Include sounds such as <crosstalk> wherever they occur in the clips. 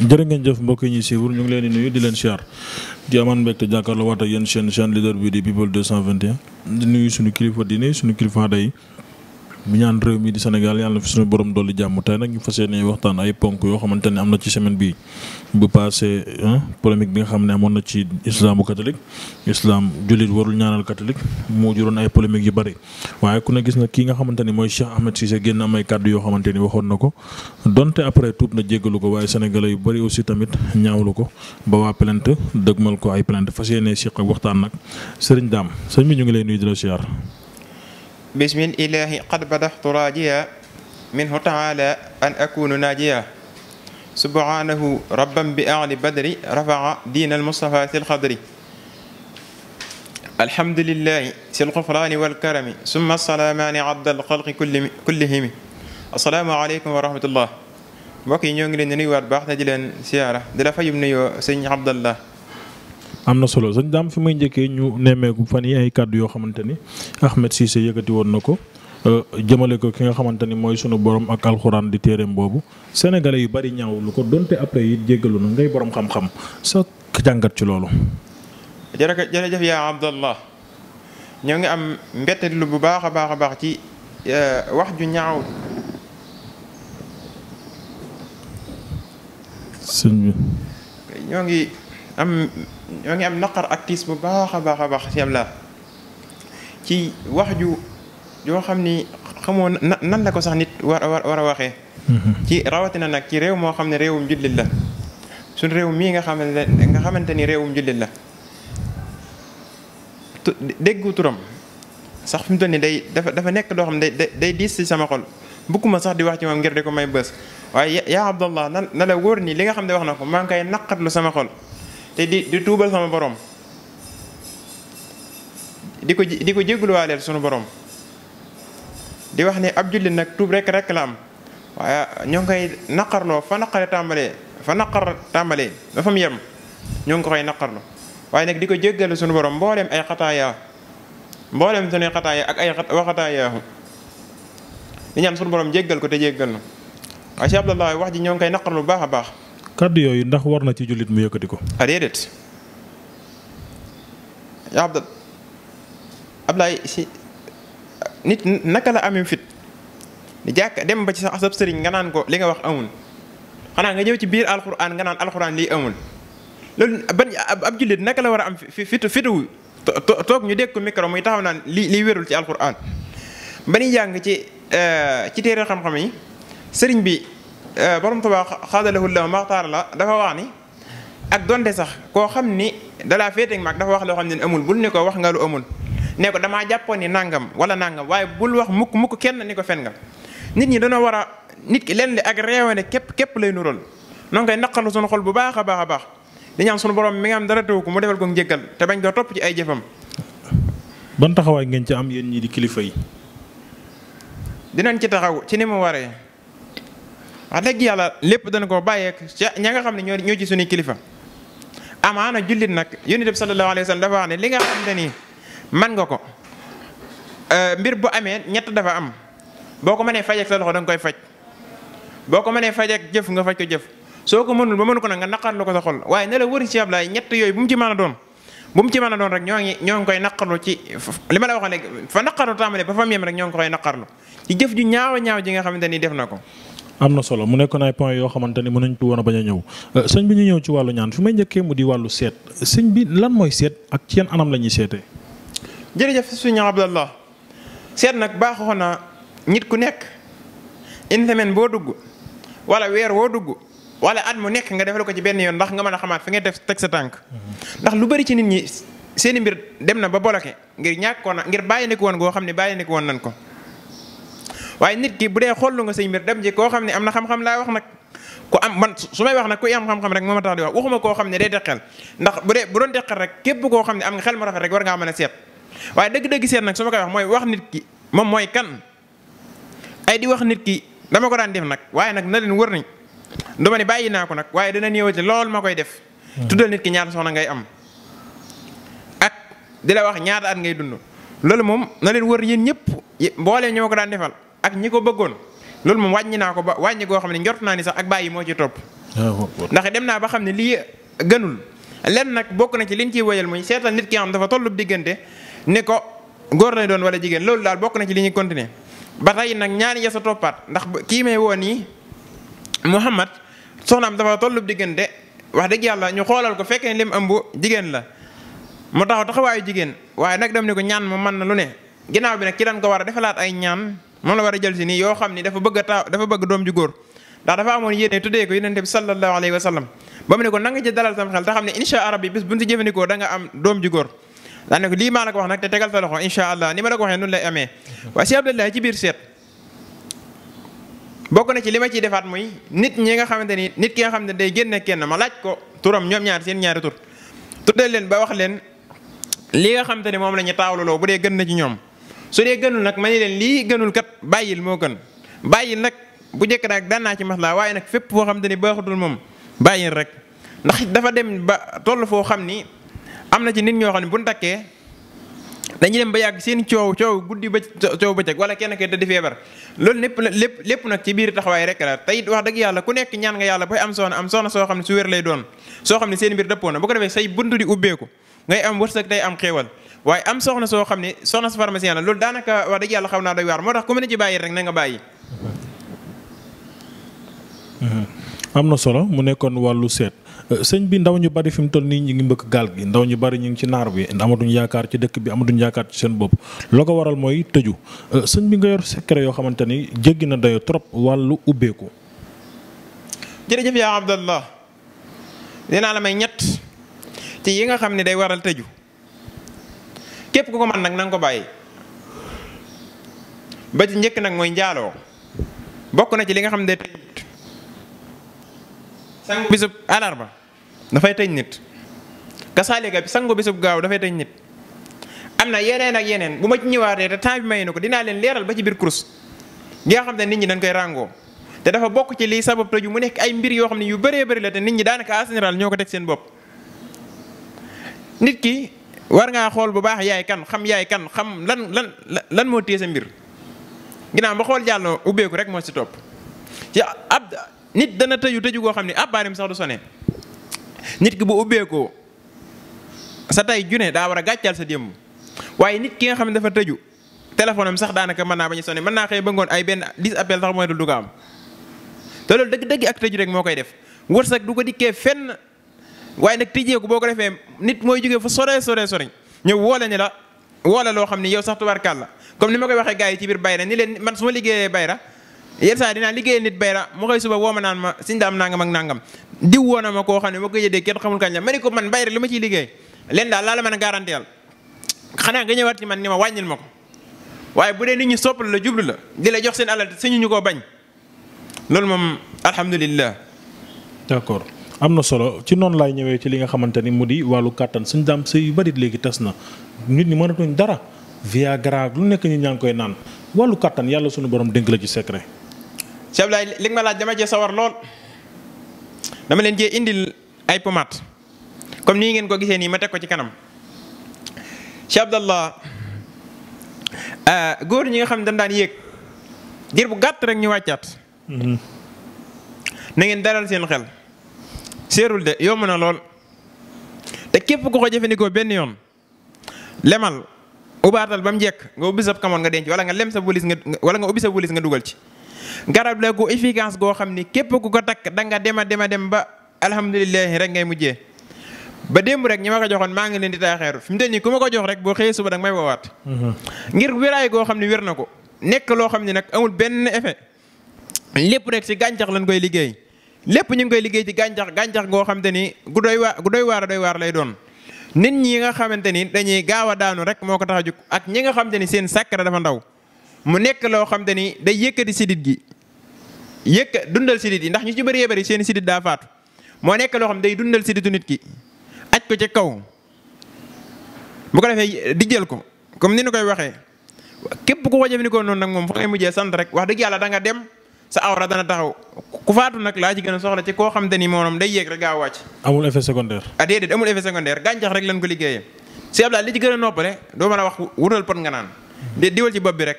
jërë ngeen jëf mbokk yi ñuy suivre ñu ngi leen di nuyu di leen siyaar di amaan mbégte jàkkaarloo waat ak yéen chaîne chaîne leader bi di people 221 di nuyu suñu kilifa diine suñu kilifa day mu ñaan réew mi di Sénégal yàlla na fi suñu borom dolli jàmm tey nag ñu fas yéene waxtaan ay ponk yoo xamante ne am na ci semaine bi bu passé polémique bi nga xam ne amoon na ci islamu catholique islam jullit warul ñaanal catholique moo juróon ay polémique yu bëri waaye ku ne gis na kii nga xamante ni mooy Cheikh Ahmed Cissé génn am yoo xamante ni waxoon na ko donte après tuub na jéggalu ko waaye sénégalais yu bëri aussi tamit ñaawlu ko ba waa plainte dëgmal ko ay plainte fas yéene si waxtaan nag sëriñ daam sëñ bi ngi lay nuyu di la بسم الإله قد بدحت راجيا منه تعالى أن أكون ناجيا سبحانه ربا بأعلى بدر رفع دين المصطفى في الخضر الحمد لله سي الغفران والكرم ثم السلامان عبد الخلق كل كلهم السلام عليكم ورحمة الله mbokk yi ñoo ngi leen di nuyuwaat baax te di leen siyaara di la fayum nuyoo sëñ Abdallah am na solo sëñ daam fi may njëkkee ñu nemmeeku fan yi ay kàddu yoo xamante ni si Cissé yëkkati woon na ko euh, jëmale ko ki nga xamante ni mooy sunu borom ak alxuraan di téereem boobu sénégalais yu bari ñaaw lu ko donte après yi jéggalu na ngay borom xam-xam sa jàngat ci loolu. jërëjëf yaa Abdallah ñoo ngi am mbettelu bu baax a baax a baax ci euh, wax ju ñaaw. sëñ bi ñoo ngi am. ñoo ngi am naqar ak tiis bu baax a baax a baax si Abdallah ci wax ju yoo xam ni xamoo nan la ko sax nit war a war a waxee. Mm-hmm. ci rawatina nag ci réew moo xam ne réewum jullit la suñ réew mii nga xamante nga xamante ni réewum jullit la déggu turam sax fi mu ni day dafa dafa nekk doo xam ne day day diis si sama xol bukkuma sax di wax ci moom ngir di ko may bës waaye yaa Abdallah na la wóor ni li nga xam ne wax na ko maa ngi koy naqarlu sama xol. te di di tuubal sama boroom di ko di ko jégluwaaleel sunu borom di wax ni ab jullit nag tuub rek rek la am waaye ñoo ngi koy naqarloo fa naqare tàmbalee fa naqar tàmbalee ba fa mu yem ñoo ngi ko koy naqarloo waaye nag di ko jéggalu sunu borom mbooleem ay xataaya mbooleem sunuy xataaya ak ay waxataayaahu di ñaan sunu borom jéggal ko te jéggal na waaye si Abdallah wax ji ñoo ngi koy naqarlu bu baax a baax kàddu yooyu ndax war na ci jullit mu yëkkati ko. ah déedéet yaa Abdal Ablaye si nit naka la amee fit di jàkk dem ba ci sax asab sëriñ nga naan ko li nga wax amul xanaa nga ñëw ci biir alxuraan nga naan alxuraan lii amul loolu ban ab jullit naka la war a am fi fitu fitu toog ñu dégg ko micro muy taxaw naan li lii wérul ci alxuraan ba ñuy jàng ci eh, ci téere xam-xam yi sëriñ bi. Euh, borom Tuubaa xaadalahu lahu maxtaar la dafa wax ni ak donte sax koo xam ni dalaa féeteeg mag dafa wax loo xam ne amul bul ni ko wax nga lu amul ne ko jàppoon ni nangam wala nangam waaye bul wax mukk mukk kenn ni ko fen nga nit ñi danoo war a nit ki leen li ak réewane képp képp lay nural noonu koy naqalu suñu xol bu baax a baax a baax di ñaan suñu borom mi nga am dara tëw ko mu defal ko njëggal te bañ doo topp ci ay jëfam ban taxawaay ngeen ci am yéen ñi di kilifa yi dinañ ci taxaw ci ni mu waree wax yàlla lépp dana ko bàyyeek ña nga xam ne ñoo ñoo ci suñuy kilifa amaana jullit nag yonent bi sallallahu alayhi wa sallam li nga xam nii man nga ko euh, mbir bu amee ñett dafa am boo ko mënee faj ak sa loxo danga koy faj boo ko mënee faj ak jëf nga faj ko jëf soo ko mënul ba ko nag nga naqarlu ko sa waaye ne la wëri ci Ablaay ñett yooyu bu mu ci mën a doon bu mu ci mën a doon rek ñoo ngi ñoo ngi koy naqarlu ci li ma la waxoon léegi fa naqarlu tàmbalee ba fa mu yem rek ñoo ngi koy naqarlu ci jëf ju ñaaw a ji nga xamante ni def na ko am na solo mu nekkoon ay point yoo xamante ni mënuñ ci woon a bañ a ñëw euh, sëñ bi ñu ñëw ci wàllu ñaan fi may njëkkee mu di wàllu seet sëñ bi lan mooy seet ak ci yan anam la ñuy seetee. jërëjëf suñu Abdallah seet nag baaxoo na nit ku nekk une semaine boo dugg wala weer woo dugg wala at mu nekk nga defal ko ci benn yoon ndax nga mën a xamaat fi nga def teg sa tànk mm-hmm. ndax lu bari ci nit ñi seeni mbir dem na ba boloke ngir ñàkk ko na ngir bàyyi nekk woon goo xam ne bàyyi nekk woon nañ ko. waaye nit ki bu dee xollu nga say mbir dem ji koo xam ne am na xam-xam laa wax nag ku am man su may wax nag ku am xam rek moo ma tax wax waxuma koo xam ne day deqal ndax bu dee bu doon deqal rek képp koo xam ne am nga xel mu rafet rek a seet waaye dëgg-dëgg seet nag su ma koy wax mooy wax nit ki moom mooy kan ay di wax nit ki dama ko daan def nag waaye nag na leen wër nañ duma ne bàyyi naa ko nag waaye dana dina te lool ma koy def hmm. tuddal nit ki ñaata soxna ngay am ak di la wax ñaata at ngay dund loolu moom na leen wër yéen ñëpp mboolee ñoo ko daan defal ak ñi ko bëggoon loolu moom wàññi naa ko ba wàññi goo xam ne njort naa ni sax bàyyi moo ci topp ah, ndax dem naa ba xam ne lii gënul lenn nag bokk na ci liñ ciy woyal muy seetal nit ki xam dafa tollub diggante ne ko góor lay doon wala jigéen loolu daal bokk na ci li ñuy continuer ba tey nag ñaani ya sa toppaat ndax kii may woon yi Muhammad soxnaam dafa tollub diggante wax dëgg yàlla ñu xoolal ko fekkee lim ëmb jigéen la mu taxaw taxawaayu jigéen waaye nag dem ne ko ñaan mu mën na lu ne ginnaaw bi nag ci dañ ko war a defalaat ay ñaan moom la war a jël si nii yoo xam ni dafa bëgg a taaw doom ju góor ndax dafa amoon yéene tuddee ko yonente bi sallallahu alayhi wa ne ko na nga ci dalal sam xel te xam ne insha allah bis bu ñu si jëfandikoo da am doom ju góor daan ne ko lii maa la ko wax nag te tegal sa loxo insha allah ni ma la ko waxee noonu lay amee waaye si abdallah ci biir seet bokk na ci li ma ciy defaat mooy nit ñi nga xamante ni nit ki nga xam ne day génne kenn ma laaj ko turam ñoom ñaar seen ñaari tur tuddee leen ba wax leen li nga xamante ni moom la ñu taawluloo bu dee gën na ci ñoom su dee gënul nag ma ne leen lii gënul kat bàyyil moo gën bàyyil nag bu njëkk daal daan naa ci maslaa waaye nag fépp foo xam te ni baaxutul moom bàyyil rek ndax dafa dem ba toll foo xam ni am na ci nit ñoo xam ne bu ñu takkee dañuy dem ba yàgg seen coow coow guddi ba coow bëccëg wala kenn kay tëdd feebar loolu lépp lépp lépp nag ci biir taxawaay rek la tey wax dëgg yàlla ku nekk ñaan nga yàlla booy am soxna am soxna soo xam ne su wér lay doon soo xam ne seen biir dëppoo na bu ko defee say buntu di ubbeeku ngay am wërsëg tey am xéewal waaye am soxna soo xam ne soxna si pharmacien la loolu daanaka wax dëgg yàlla xaw naa doy waar moo tax ku mu ne nga bàyyi. Mhm. na solo mu nekkoon wàllu seet euh, sëñ bi ndaw ñu bari fi mu toll nii ñu ngi mbëkk gaal gi ndaw ñu bari ñu ngi ci naar bi amatuñ yaakaar ci dëkk bi amatuñ yaakaar ci seen bopp loo ko waral mooy tëju euh, sëñ bi nga yor secret yoo xamante ni jéggi na day trop wàllu ubbeeku. jërëjëf yaa Abdallah dinaa la may ñett te yi nga xam ne day waral tëju. képp ku ko mën nag na nga ko bàyyi ba ci njëkk nag mooy njaaloo bokk na ci li nga xam ne sangu bisub alarba dafay tëj nit kasaalika sangu bisub gaaw dafay tëj nit am na yeneen ak yeneen bu ma ci ñëwaatee te temps may na ko dinaa leen leeral ba ci biir kurus gi nga xam ne nit ñi dañ koy ràngoo te dafa bokk ci liy sabab tëju mu nekk ay mbir yoo xam ne yu bëree bëri la te nit ñi daanaka en général ñoo ko teg seen bopp nit ki war ngaa xool bu baax yaay kan xam yaay kan xam lan lan lan moo téye sa mbir ginnaaw ba xool jàlloo ubbeeku rek moo si topp ci ab nit dana tëju tëju goo xam ne ab baarim sax du sone nit ki bu ubbeekoo sa tay june daa war a gàccal sa démb waaye nit ki nga xam ne dafa tëju téléphone am sax daanaka mën naa bañ a sone mën naa xëy ba ngoon ay benn dix appel sax mooy dul du ko te loolu dëgg-dëgg ak tëju rek moo koy def wërsëg du ko dikkee fenn. waaye nag tijjeeku boo ko defee nit mooy jógee fu soree soree soreñ ñëw woole ni la woole loo xam ni yow sax tubarkàlla comme ni ma koy waxee gars yi ci biir bayra ni leen man su ma liggéeyee bayra yenn saa dinaa liggéeyal nit bayra mu xëy suba woo ma naan ma siñ daam nangam ak nangam diw woon na koo xam ne ma ko jëdee kenn xamul kañ la ma ko man bayra li ma ciy liggéey leen daal laa la mën a garanti xanaa nga ñëwaat ci man ni ma wàññil ma ko waaye bu dee nit ñi soppal la jublu la di la jox seen alal suñu ñu koo bañ loolu moom alhamdulillah d'accord am na solo ci noonu laay ñëwee ci li nga xamante ni mu di wàllu kàttan suñ daam sëy yu bari léegi tas na nit ñi mënatuñ dara via Viagra lu nekk ñi ñaa ngi koy naan wàllu kàttan yàlla suñu borom dénk la ci secret. Cheikh Abdoulaye li ma laaj dama cee sawar dama leen cee indil ay pommades comme nii ngeen ko gisee nii ma teg ko ci kanam Cheikh euh, góor ñi nga xam ne dañ daan yéeg diir bu gàtt rek ñu wàccaat. Mhm. na ngeen dalal seen xel. seerul de yomb na lool te képp ku ko jëfandikoo benn yoon lemal ubaatal ba mu jekk nga ubbi sa kamoon nga denc wala nga lem sa bulis nga wala nga ubbi sa bulis nga dugal ci. garab la gu efficace goo xam ni képp ku ko takk da nga dem dem a dem ba alhamdulilah rek ngay mujjee ba démb rek ñi ma ko joxoon maa ngi leen di taaxeeru fi mu toll nii ku ma ko jox rek boo xëyee suba da nga may woowaat. Mhm. ngir wéraay goo xam ne wér na ko nekk loo xam ne nag amul benn effet lépp rek si gàncax lañ koy liggéey. lépp ñu ngi koy liggéey ci gàncax gàncax goo xamante ni gu doy waar ku doy waar doy lay doon nit ñi nga xamante ni dañuy gaaw a daanu rek moo ko tax a jóg ak ñi nga xamante ni seen sàkkara dafa ndaw mu nekk loo xamante ni day yëkkati sidit gi yëkk dundal sidit yi ndax ñu ci bëree bëri seen sidit daa faatu moo nekk loo xam day dundal siditu nit ki aj ko ci kaw bu ko defee di jël ko comme ni ñu koy waxee képp ku ko jëfandikoo noonu nag moom fa ngay sant rek wax dëgg yàlla da nga dem. sa awra dana taxaw ku faatu nag laa ci gën a soxla ci koo xam te ni moom day yéeg rek gaa wàcc. amul effet secondaire. ah déedéet amul effet secondaire gàncax rek lañ ko liggéeyee si Abdoulaye li ci gën a noppale doo mën a wax wutal pot nga naan di diwal ci bopp bi rek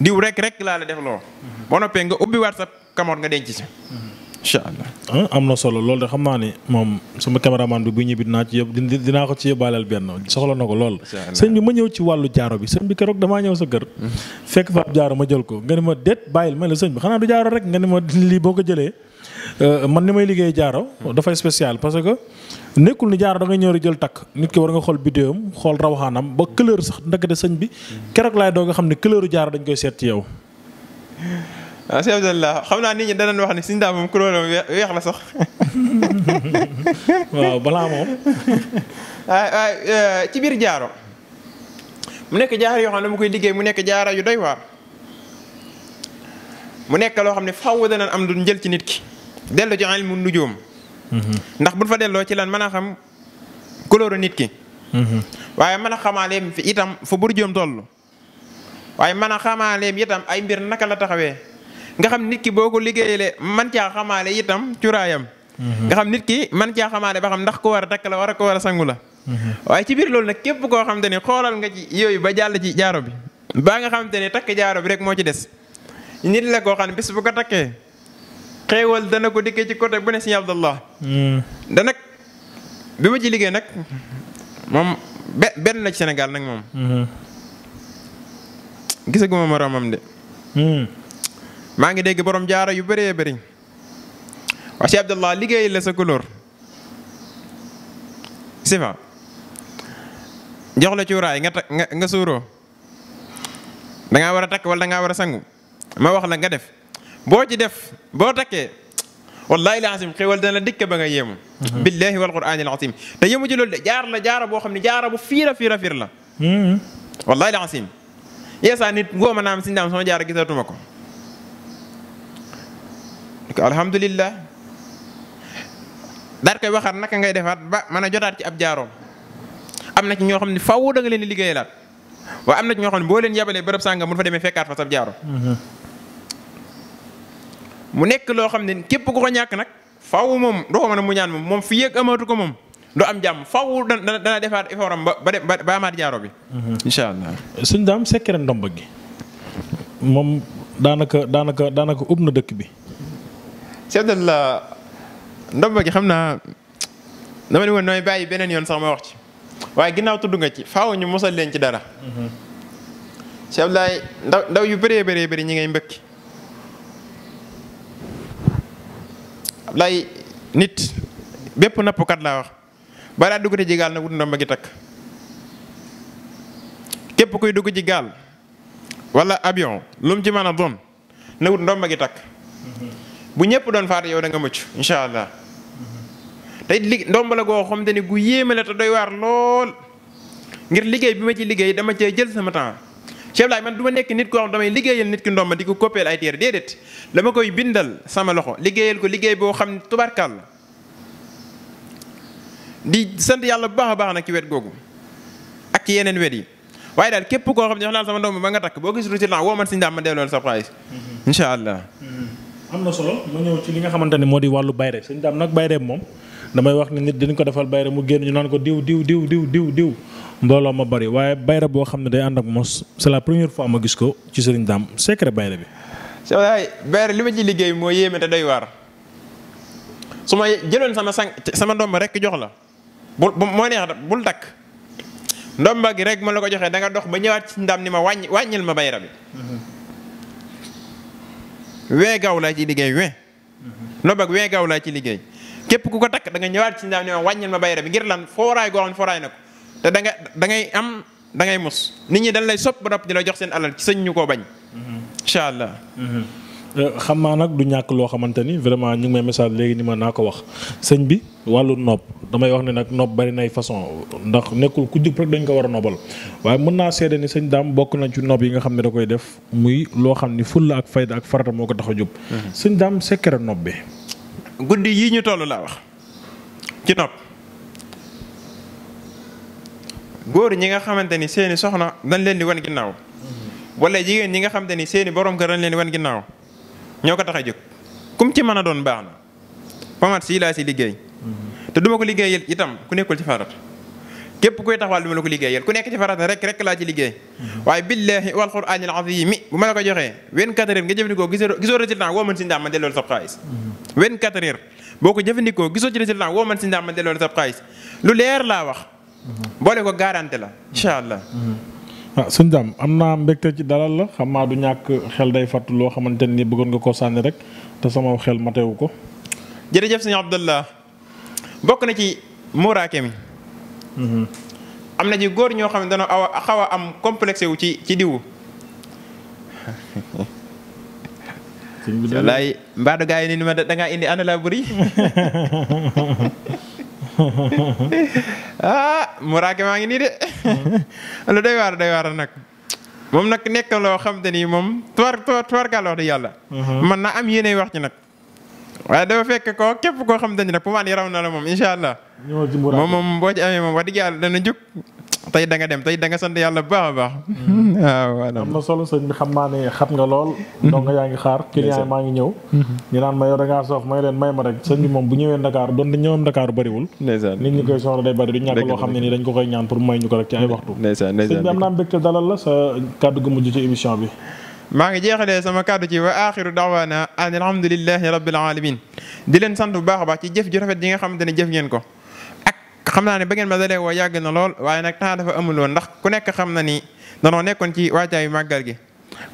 diw rek rek laa la def loo. boo noppee nga ubbi waat sa kamoot nga denc si. incha allah ah, am na solo loolu de xam naa ni moom sama caméraman bi bu ñibbi dinaa ci yëpp dinaa ko ci yóbbaaleel benn soxla na ko lool. sëñ bi ma ñëw ci wàllu jaaro bi sëñ bi keroog damaa ñëw sa mm-hmm. fekk jaaro ma jël ko nga ni déet bàyyil ma la sëñ bi xanaa du jaaro rek nga ni ma lii boo ko jëlee. Euh, man ni may liggéey jaaro dafay spécial parce que nekkul ni jaaro da nga ñëw rek jël takk nit ki war nga xool bidéom xool rawaxaanam ba couleur sax ndekete sëñ bi keroog laay doog nga xam ne couleuru jaaro dañ koy seet ci yow. waaw Cheikh xam naa nit ñi danañ wax ne Sëñ Daam moom couleur weex la sax. <laughs> waaw balaa moom. <laughs> Euh, ci biir jaaro mu nekk jaar yoo xam ne mu koy liggéey mu nekk jaara yu doy nekk loo xam ne faaw danañ am du jël ci nit ki dellu ci ilmu nujuum mhm. ndax buñ fa delloo ci lan mën a xam couleur nit ki. Mhm. waaye mën a xamaaleem fi itam fa burjoom toll. waaye mën a xamaaleem itam ay mbir naka la taxawee. nga xam nit ki boo ko liggéeyale man caa xamaale itam curaayam mhm. nga xam nit ki man caa xamaale ba xam ndax ko war a takk la war a ko war a sangu la mhm. waaye ci biir loolu nag képp koo xam te ne xoolal nga ci yooyu ba jàll ci jaaro bi baa nga xam te ne takk jaaro bi rek moo ci des nit la koo xam ne bis bu ko takkee xéewal dana ko dikkee ci côté bu ne si mhm. bi ma ci liggéey nag moom benn la ci Sénégal nag moom gisaguma moroomam de maa ngi dégg boroom jaara yu bëree bëri waa Cheikh Abdallah liggéey la sa couleur si fa jox la cuuraay nga takk nga suuroo da war a takk wala da war a sangu ma wax la nga def boo ci def boo takkee wallaahi laasim xéwal dana na dikk ba nga yéemu. Mm-hmm. billaahi wal quraani al asiim te yéemu ci loolu de jaar la jaara boo xam ne jaara bu fiira fiira fiir la. Mm-hmm. wallaahi laasim yeesaa nit góoma naam si ndaam sama jaara gisatuma ko. alhamdulillah daal koy waxaat naka ngay defaat ba mën a jotaat ci ab jaaroom am na ci ñoo xam ne faaw danga leen di liggéeyalaat waaye am na ci ñoo xam ne boo leen yabalee bërëb sàngam mun fa demee mm-hmm. mu nekk loo xam ne képp ku ko ñàkk nag faw moom doo ko mën a moom moom fi yëg amatu ko moom du am jàmm faaw dana dana defaat effort am ba ba ba amaat jaaro bi. Mm-hmm. incha allah. suñu daam sekere ndomb gi moom daanaka daanaka daanaka ub na dëkk bi. Cheikh ndomba gi xam naa dama ne woon nooy bàyyi beneen yoon sax ma wax ci waaye ginnaaw tudd nga ci faaw ñu mosal leen ci dara. Mhm. Cheikh ndaw yu bëree bëree bëri ñi ngay mbëkki. Ablaye nit bépp nappkat laa wax balaa dugg ci gaal na wut ndomba gi takk képp kuy dugg ci gaal wala avion lu mu ci na wut ndomba gi takk. Mhm. bu ñëpp doon faatu yow da nga mucc incha allah te li ndomba la goo xam te ni gu yéeme la te doy waar lool ngir liggéey bi ma ci liggéey dama cee jël sama temps Cheikh Abdoulaye man duma nekk nit koo xam damay liggéeyal nit ki ndomba di ko koppeel ay téere déedéet dama koy bindal sama loxo liggéeyal ko liggéey boo xam ne tubarkal la di sant yàlla bu baax a baax nag ci wet googu ak ci yeneen wet yi waaye daal képp koo xam ne jox naa sama ndomb ba nga takk boo gis lu ci temps woo man si ndax ma mm-hmm. allah. Mm-hmm. am na solo ma ñëw ci li nga xamante ne moo di wàllu bayre sëñ daam nag bayre moom damay wax ni nit dañ ko defal bayre mu génn ñu naan ko diw diw diw diw diw diw mbooloo ma bari waaye bayre boo xam ne day ànd ak mos c'est la première fois ma gis ko ci sëriñ daam secret bayre bi. sëñ waay bayre li ma ci liggéey moo yéeme te doy waar su ma jëloon sama sang sama ndomb rek jox la bu moo neex bul takk ndomba gi rek ma la ko joxee da dox ba ñëwaat ci ndam ni ma wàññi wàññil ma bayre bi. Mm-hmm. weegaaw laa ci liggéey we nob mm-hmm. ak weegaaw laa ci liggéey képp ku ko takk da nga ñëwaat ci ndaam ne ma wàññil ma bayra bi ngir lan fooraay goo xam fooraay na ko te da nga da ngay am da ngay mus nit ñi dañ lay sopp ba nopp di la jox seen alal ci sëñ ñu koo bañ mm-hmm. incha allah mm-hmm. xam naa nag du ñàkk loo xamante ni vraiment ñu ngi may message léegi ni ma naa ko wax sëñ bi wàllu nopp damay wax ne nag nopp bari nay façon ndax nekkul ku jub rek dañ ko war a noppal waaye mën naa seede ni sëñ daam bokk nañ ci nopp yi nga xam ne da koy def muy loo xam ni fulla ak fayda ak farata moo ko tax a jub. Mhm. sëñ daam sekkere nopp bi. yii ñu toll laa wax ci nopp góor ñi nga xamante ni seeni soxna dañ leen di wan ginnaaw. Mhm. wala jigéen ñi nga xamante ni seeni borom kër dañ leen di wan ginnaaw. ñoo ko tax a jóg kum ci man a doon baax na pomat sii laa si liggéey te duma ko liggéey liggéeyal itam ku nekkul ci farata képp kuy tax du ma la ko liggéeyal ku nekk ci farata rek rek laa ci liggéey waaye billaahi wal quraanil aziimi bu ma la ko joxee 24 heures nga jëfandikoo gisoo gisoo résultat woo mën si ndax ma delloo sa xaalis 24 heures boo ko jëfandikoo gisoo ci résultat woo mën si ndax ma delloo sa xaalis lu leer laa wax boole ko garanti la incha allah ah sëñ Dame am naa mbekk ci dalal la xam naa du ñàkk xel day fàttu loo xamante ni bëggoon nga koo sànni rek te sama xel matewu ko. jërëjëf sëñ Abdallah bokk na ci muuraake mi. Mhm. am na ci góor ñoo xam ne dañoo a xaw a am complexe wu ci ci diwu. wallaay mbaadu gaa yi ni ni ma da ngaa indi ana laa bëri. ah muraake maa ngi nii de hmm. <laughs> lu doy waar doy waar nag moom nag nekk loo xam ni moom tuwar tuwar tuwarkaal wax dëgg yàlla. Hmm. man na am yéenay wax ci nag. waaye dafa fekk ko képp koo xam te ni nag bu ma raw na la moom incha allah. moom moom boo ci amee moom wax dëgg dana jug. tey da nga dem tey da nga sant yàlla bu baax a baax. waaw mm-hmm. <laughs> ah, am na solo sëñ bi xam naa ne xam nga lool. Mm-hmm. donc yaa ngi xaar. client maa ngi ñëw. Mm-hmm. ñu naan ma yow da may leen may ma rek sëñ bi moom bu ñëwee Dakar donte ñëwam Dakar bëriwul. nit ñi koy soxla day bëri du loo xam ne nii dañ ko koy ñaan pour may ñu ko rek ci ay waxtu. sëñ bi am naa mbégte dalal sa kàddu gu mujj ci émission bi. maa ngi jeexalee sama kàddu ci wa axiru daawaana an alhamdulilahi rabbil alamin di leen sant bu baax a baax ci jëf ju rafet ko xam naa ne ba ngeen ma dalee woo yàgg na lool waaye nag temps dafa amul woon ndax ku nekk xam na ni danoo nekkoon ci waajaayu màggal gi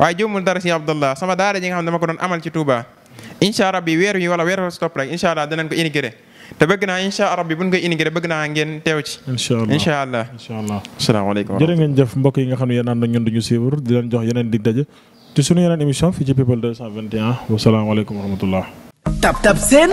waaye jëmul dara si Abdallah sama daara ji nga xam ne dama ko doon amal ci Touba incha rabbi weer wi wala weer stop rek incha allah danañ ko intégré te bëgg naa incha rabbi buñ koy intégré bëgg naa ngeen teew ci. incha allah incha allah incha allah. asalaamaaleykum jërë xam ne yéen ànd ak ñun duñu suivre di leen jox yeneen dig daje ci sunu yeneen émission fii ci People 221 tab seen.